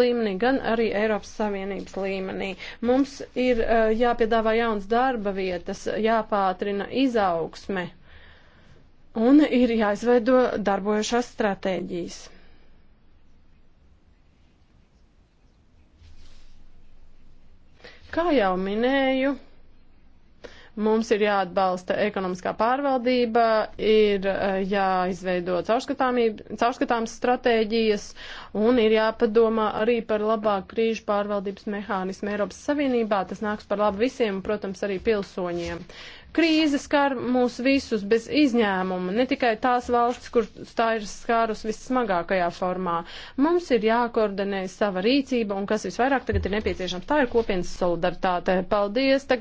līmenī, gan arī Eiropas Savienības līmenī. Mums ir uh, jāpiedāvā jauns darba vietas, jāpātrina izaugsme un ir jāizveido darbojušās stratēģijas. Kā jau minēju, Mums ir jāatbalsta ekonomiskā pārvaldība, ir eh, jāizveido caurskatāmas stratēģijas un ir jāpadomā arī par labāku krīžu pārvaldības mehānismu Eiropas Savienībā. Tas nāks par labu visiem, protams, arī pilsoņiem. Krīze skar mūs visus bez izņēmuma, ne tikai tās valsts, kur tā ir skārus vissmagākajā formā. Mums ir jākoordinē sava rīcība un kas visvairāk tagad ir nepieciešams, tā ir kopienas solidaritāte. Paldies! Tagad